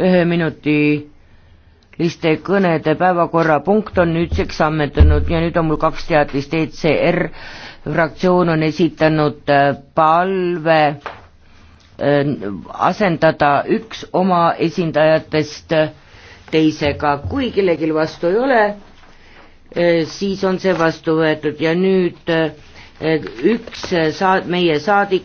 üheminutiliste kõnede päevakorrapunkt on nüüdseks ammendunud ja nüüd on mul kaks teadlist, ECR fraktsioon on esitanud äh, palve äh, asendada üks oma esindajatest äh, teisega, kui kellelgi vastu ei ole, siis on see vastu võetud ja nüüd üks saad-, meie saadik